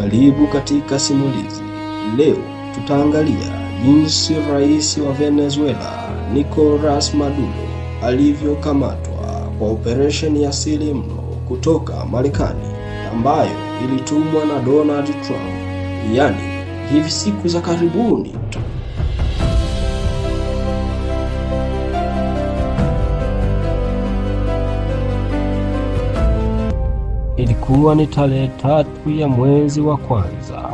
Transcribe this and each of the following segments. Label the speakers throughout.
Speaker 1: Karibu katika simulizi. Leo tutaangalia jinsi rais wa Venezuela Nicolas Maduro alivyokamatwa kwa operesheni ya siri mno kutoka Marekani ambayo ilitumwa na Donald Trump, yaani hivi siku za karibuni.
Speaker 2: ilikuwa ni tarehe tatu ya mwezi wa kwanza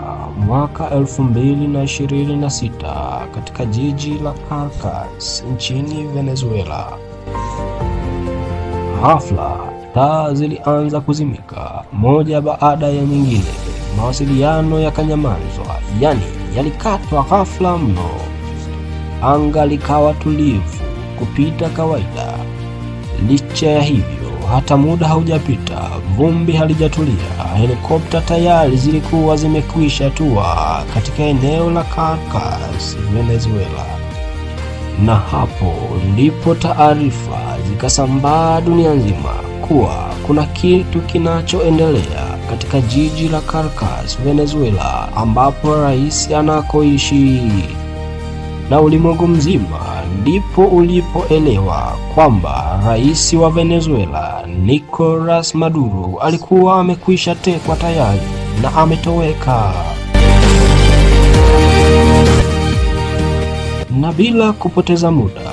Speaker 2: mwaka elfu mbili na ishirini na sita katika jiji la Caracas nchini Venezuela. Ghafla taa zilianza kuzimika moja baada ya nyingine, mawasiliano yakanyamazwa, yani yalikatwa ghafla mno. Anga likawa tulivu kupita kawaida. Licha ya hivyo hata muda haujapita, vumbi halijatulia, helikopta tayari zilikuwa zimekwisha tua katika eneo la Caracas, Venezuela. Na hapo ndipo taarifa zikasambaa dunia nzima kuwa kuna kitu kinachoendelea katika jiji la Caracas, Venezuela, ambapo rais anakoishi na ulimwengu mzima ndipo ulipoelewa kwamba rais wa Venezuela Nicolas Maduro alikuwa amekwisha tekwa tayari na ametoweka. Na bila kupoteza muda,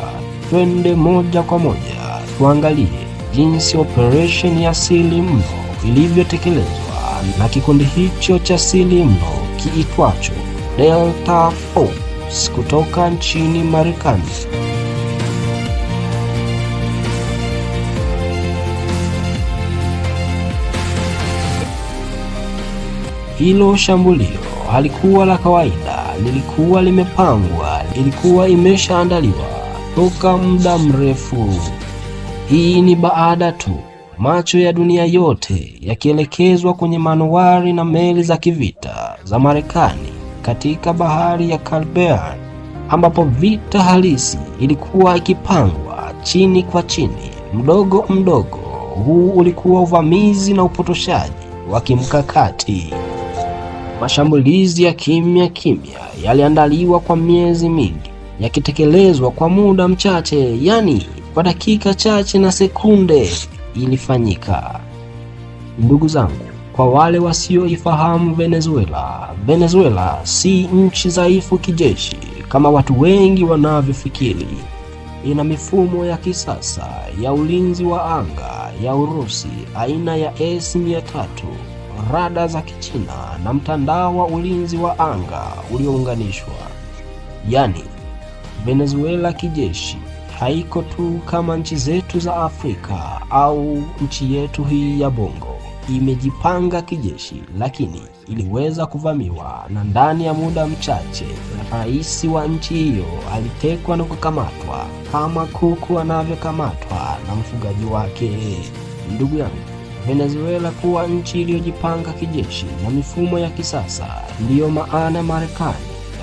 Speaker 2: twende moja kwa moja tuangalie jinsi operesheni ya siri mno ilivyotekelezwa na kikundi hicho cha siri mno kiitwacho Delta Force. Records kutoka nchini Marekani. Hilo shambulio halikuwa la kawaida, lilikuwa limepangwa, ilikuwa imeshaandaliwa toka muda mrefu. Hii ni baada tu macho ya dunia yote yakielekezwa kwenye manowari na meli za kivita za Marekani katika bahari ya Caribbean ambapo vita halisi ilikuwa ikipangwa chini kwa chini, mdogo mdogo. Huu ulikuwa uvamizi na upotoshaji wa kimkakati. Mashambulizi ya kimya kimya yaliandaliwa kwa miezi mingi, yakitekelezwa kwa muda mchache, yani kwa dakika chache na sekunde ilifanyika. Ndugu zangu, kwa wale wasioifahamu Venezuela, Venezuela si nchi dhaifu kijeshi kama watu wengi wanavyofikiri. Ina mifumo ya kisasa ya ulinzi wa anga ya Urusi aina ya S-300, rada za Kichina na mtandao wa ulinzi wa anga uliounganishwa. Yaani, Venezuela kijeshi haiko tu kama nchi zetu za Afrika au nchi yetu hii ya Bongo imejipanga kijeshi lakini iliweza kuvamiwa na ndani ya muda mchache rais wa nchi hiyo alitekwa na kukamatwa kama kuku anavyokamatwa na mfugaji wake. Ndugu yangu, Venezuela kuwa nchi iliyojipanga kijeshi na mifumo ya kisasa, ndiyo maana Marekani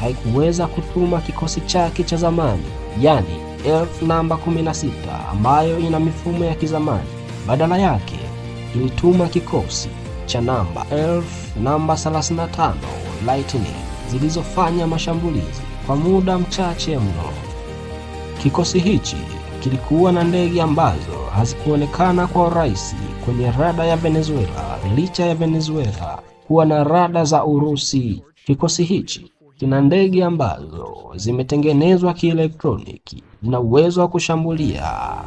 Speaker 2: haikuweza kutuma kikosi chake cha zamani, yani elfu namba 16 ambayo ina mifumo ya kizamani. Badala yake ilituma kikosi cha namba elfu namba 35 Lightning zilizofanya mashambulizi kwa muda mchache mno. Kikosi hichi kilikuwa na ndege ambazo hazikuonekana kwa urahisi kwenye rada ya Venezuela licha ya Venezuela kuwa na rada za Urusi. Kikosi hichi kina ndege ambazo zimetengenezwa kielektroniki na uwezo wa kushambulia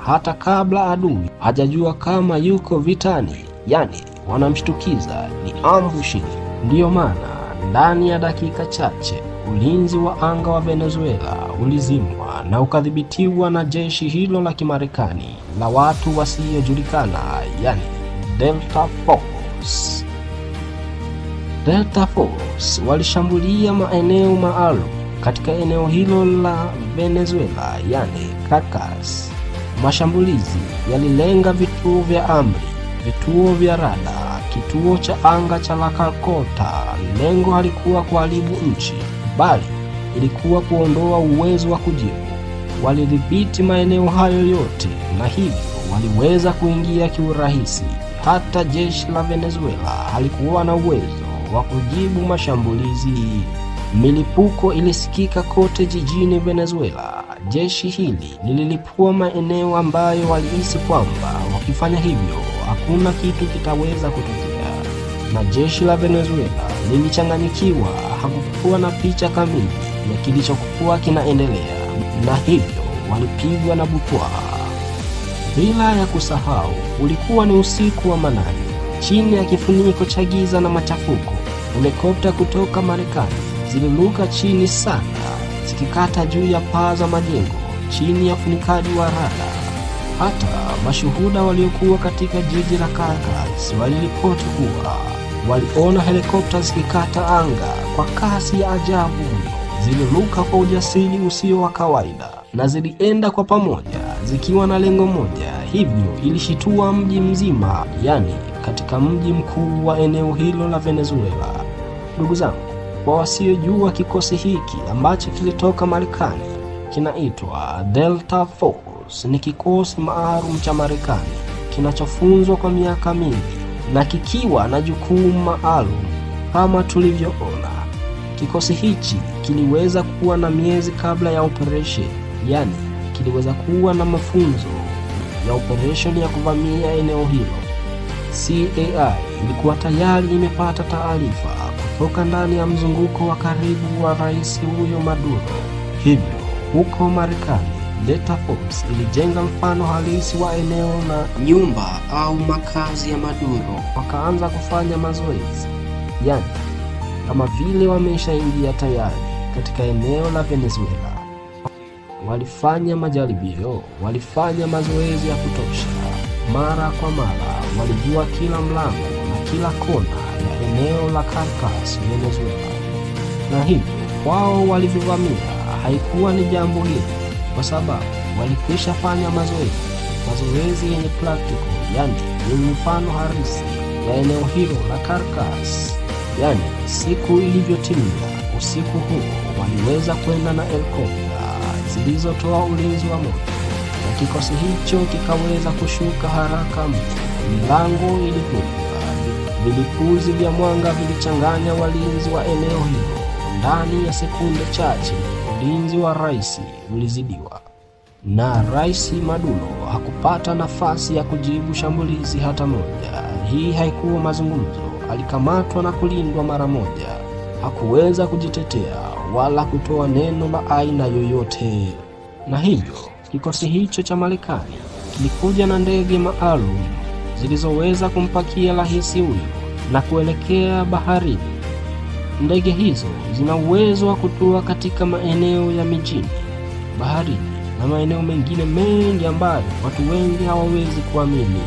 Speaker 2: hata kabla adui hajajua kama yuko vitani, yani wanamshtukiza, ni ambushi. Ndiyo maana ndani ya dakika chache ulinzi wa anga wa Venezuela ulizimwa na ukadhibitiwa na jeshi hilo la Kimarekani la watu wasiojulikana, yani Delta Force. Delta Force walishambulia maeneo maalum katika eneo hilo la Venezuela, yani Caracas. Mashambulizi yalilenga vituo vya amri, vituo vya rada, kituo cha anga cha La Carcota. Lengo halikuwa kuharibu nchi, bali ilikuwa kuondoa uwezo wa kujibu. Walidhibiti maeneo hayo yote, na hivyo waliweza kuingia kiurahisi. Hata jeshi la Venezuela halikuwa na uwezo wa kujibu mashambulizi. Milipuko ilisikika kote jijini Venezuela. Jeshi hili lililipua maeneo ambayo walihisi kwamba wakifanya hivyo hakuna kitu kitaweza kutokea, na jeshi la Venezuela lilichanganyikiwa. Hakukuwa na picha kamili ya kilichokuwa kinaendelea, na hivyo walipigwa na butwaa. Bila ya kusahau, ulikuwa ni usiku wa manane. Chini ya kifuniko cha giza na machafuko, helikopta kutoka Marekani zililuka chini sana, zikikata juu ya paa za majengo chini ya funikaji wa rada. Hata mashuhuda waliokuwa katika jiji la Caracas waliripoti kuwa waliona helikopta zikikata anga kwa kasi ya ajabu. Ziliruka kwa ujasiri usio wa kawaida na zilienda kwa pamoja zikiwa na lengo moja, hivyo ilishitua mji mzima, yani katika mji mkuu wa eneo hilo la Venezuela. Ndugu zangu kwa wasiojua kikosi hiki ambacho kilitoka Marekani kinaitwa Delta Force, ni kikosi maalum cha Marekani kinachofunzwa kwa miaka mingi na kikiwa na jukumu maalum. Kama tulivyoona, kikosi hichi kiliweza kuwa na miezi kabla ya operesheni, yani kiliweza kuwa na mafunzo ya operesheni ya kuvamia eneo hilo. CAI ilikuwa tayari imepata taarifa kutoka ndani ya mzunguko wa karibu wa rais huyo Maduro. Hivyo huko Marekani, Delta Force ilijenga mfano halisi wa eneo na nyumba au makazi ya Maduro, wakaanza kufanya mazoezi, yani kama vile wameshaingia tayari katika eneo la Venezuela. Walifanya majaribio, walifanya mazoezi ya kutosha. Mara kwa mara walijua kila mlango na kila kona ya eneo la Caracas, Venezuela, na hivyo wao walivyovamia haikuwa ni jambo hili, kwa sababu walikwisha fanya mazoezi, mazoezi yenye practical, yani yenye mfano harisi ya eneo hilo la Caracas. Yani siku ilivyotimia, usiku huo waliweza kwenda na helikopta zilizotoa ulinzi wa moto, na kikosi hicho kikaweza kushuka haraka mtu, milango ilifungwa Vilipuzi vya mwanga vilichanganya walinzi wa eneo hilo. Ndani ya sekunde chache, ulinzi wa rais ulizidiwa na Rais Maduro hakupata nafasi ya kujibu shambulizi hata moja. Hii haikuwa mazungumzo, alikamatwa na kulindwa mara moja. Hakuweza kujitetea wala kutoa neno la aina yoyote, na hivyo kikosi hicho cha Marekani kilikuja na ndege maalum zilizoweza kumpakia rahisi huyo na kuelekea baharini. Ndege hizo zina uwezo wa kutua katika maeneo ya mijini, baharini na maeneo mengine mengi ambayo watu wengi hawawezi kuamini.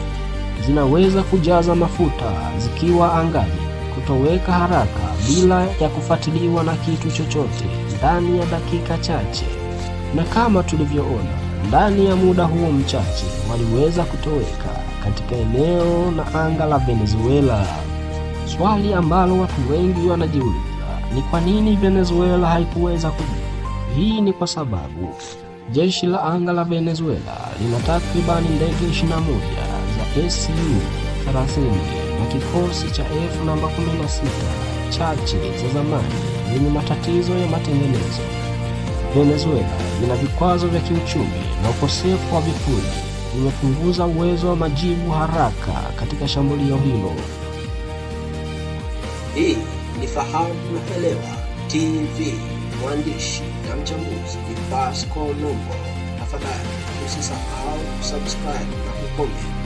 Speaker 2: Zinaweza kujaza mafuta zikiwa angani, kutoweka haraka bila ya kufuatiliwa na kitu chochote ndani ya dakika chache, na kama tulivyoona, ndani ya muda huo mchache waliweza kutoweka katika eneo na anga la Venezuela. Swali ambalo watu wengi wanajiuliza ni kwa nini Venezuela haikuweza kujibu. Hii ni kwa sababu jeshi la anga la Venezuela lina takribani ndege 21 za SU 30 na kikosi cha F namba 16 chache za zamani zenye matatizo ya matengenezo. Venezuela ina vikwazo vya kiuchumi na ukosefu wa vikundi umepunguza uwezo wa majibu haraka katika shambulio hilo. Hii ni Fahamu na Elewa TV, mwandishi na mchambuzi ni Pascal Nombo. Tafadhali usisahau kusubscribe na kucomment.